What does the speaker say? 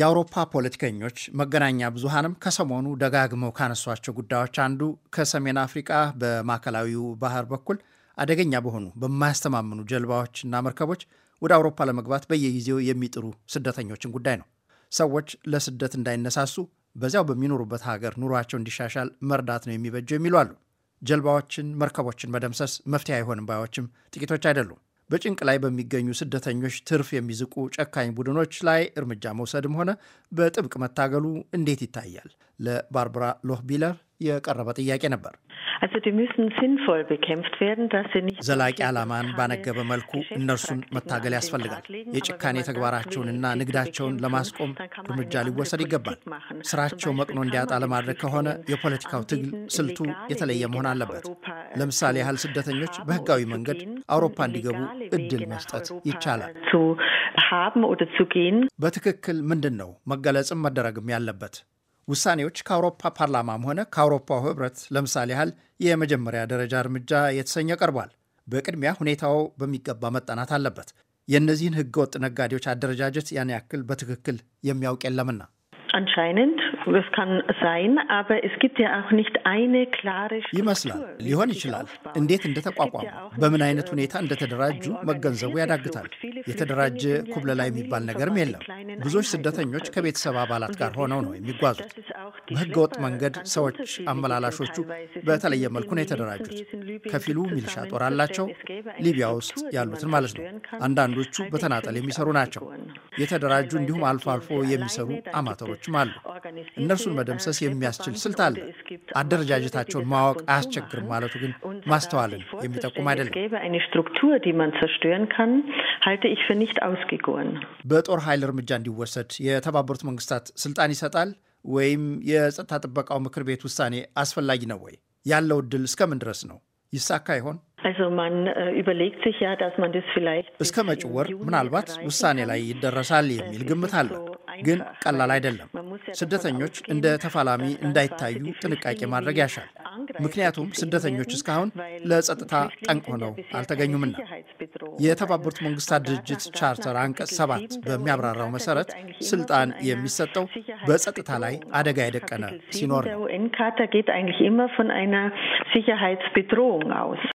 የአውሮፓ ፖለቲከኞች መገናኛ ብዙሃንም ከሰሞኑ ደጋግመው ካነሷቸው ጉዳዮች አንዱ ከሰሜን አፍሪቃ በማዕከላዊው ባህር በኩል አደገኛ በሆኑ በማያስተማምኑ ጀልባዎችና መርከቦች ወደ አውሮፓ ለመግባት በየጊዜው የሚጥሩ ስደተኞችን ጉዳይ ነው። ሰዎች ለስደት እንዳይነሳሱ በዚያው በሚኖሩበት ሀገር ኑሯቸው እንዲሻሻል መርዳት ነው የሚበጀው የሚሉ አሉ። ጀልባዎችን፣ መርከቦችን መደምሰስ መፍትሄ አይሆንም ባዮችም ጥቂቶች አይደሉም። በጭንቅ ላይ በሚገኙ ስደተኞች ትርፍ የሚዝቁ ጨካኝ ቡድኖች ላይ እርምጃ መውሰድም ሆነ በጥብቅ መታገሉ እንዴት ይታያል? ለባርባራ ሎህ ቢለር የቀረበ ጥያቄ ነበር። ዘላቂ ዓላማን ባነገበ መልኩ እነርሱን መታገል ያስፈልጋል። የጭካኔ ተግባራቸውንና ንግዳቸውን ለማስቆም እርምጃ ሊወሰድ ይገባል። ስራቸው መቅኖ እንዲያጣ ለማድረግ ከሆነ የፖለቲካው ትግል ስልቱ የተለየ መሆን አለበት። äh, ለምሳሌ ያህል ስደተኞች በህጋዊ መንገድ አውሮፓ እንዲገቡ እድል መስጠት ይቻላል። äh, በትክክል ምንድን ነው መገለጽም መደረግም ያለበት? ውሳኔዎች ከአውሮፓ ፓርላማም ሆነ ከአውሮፓው ህብረት ለምሳሌ ያህል የመጀመሪያ ደረጃ እርምጃ የተሰኘ ቀርቧል። በቅድሚያ ሁኔታው በሚገባ መጠናት አለበት። የእነዚህን ህገወጥ ነጋዴዎች አደረጃጀት ያን ያክል በትክክል የሚያውቅ የለምና ይመስላል ሊሆን ይችላል። እንዴት እንደተቋቋሙ በምን አይነት ሁኔታ እንደተደራጁ መገንዘቡ ያዳግታል። የተደራጀ ኩብለላ የሚባል ነገርም የለም። ብዙዎች ስደተኞች ከቤተሰብ አባላት ጋር ሆነው ነው የሚጓዙት። በህገወጥ መንገድ ሰዎች አመላላሾቹ በተለየ መልኩ ነው የተደራጁት። ከፊሉ ሚሊሻ ጦር አላቸው፣ ሊቢያ ውስጥ ያሉትን ማለት ነው። አንዳንዶቹ በተናጠል የሚሰሩ ናቸው። የተደራጁ እንዲሁም አልፎ አልፎ የሚሰሩ አማተሮችም አሉ። እነርሱን መደምሰስ የሚያስችል ስልት አለ። አደረጃጀታቸውን ማወቅ አያስቸግርም ማለቱ ግን ማስተዋልን የሚጠቁም አይደለም። በጦር ኃይል እርምጃ እንዲወሰድ የተባበሩት መንግስታት ስልጣን ይሰጣል ወይም የጸጥታ ጥበቃው ምክር ቤት ውሳኔ አስፈላጊ ነው ወይ? ያለው እድል እስከምን ድረስ ነው? ይሳካ ይሆን? Äh, እስከ መጪው ወር ምናልባት ውሳኔ ላይ ይደረሳል የሚል ግምት አለው፣ ግን ቀላል አይደለም። ስደተኞች እንደ ተፋላሚ እንዳይታዩ ጥንቃቄ ማድረግ ያሻል። ምክንያቱም ስደተኞች እስካሁን ለጸጥታ ጠንቅ ሆነው አልተገኙምና። የተባበሩት መንግስታት ድርጅት ቻርተር አንቀጽ ሰባት በሚያብራራው መሰረት ስልጣን የሚሰጠው በጸጥታ ላይ አደጋ የደቀነ ሲኖር ነው።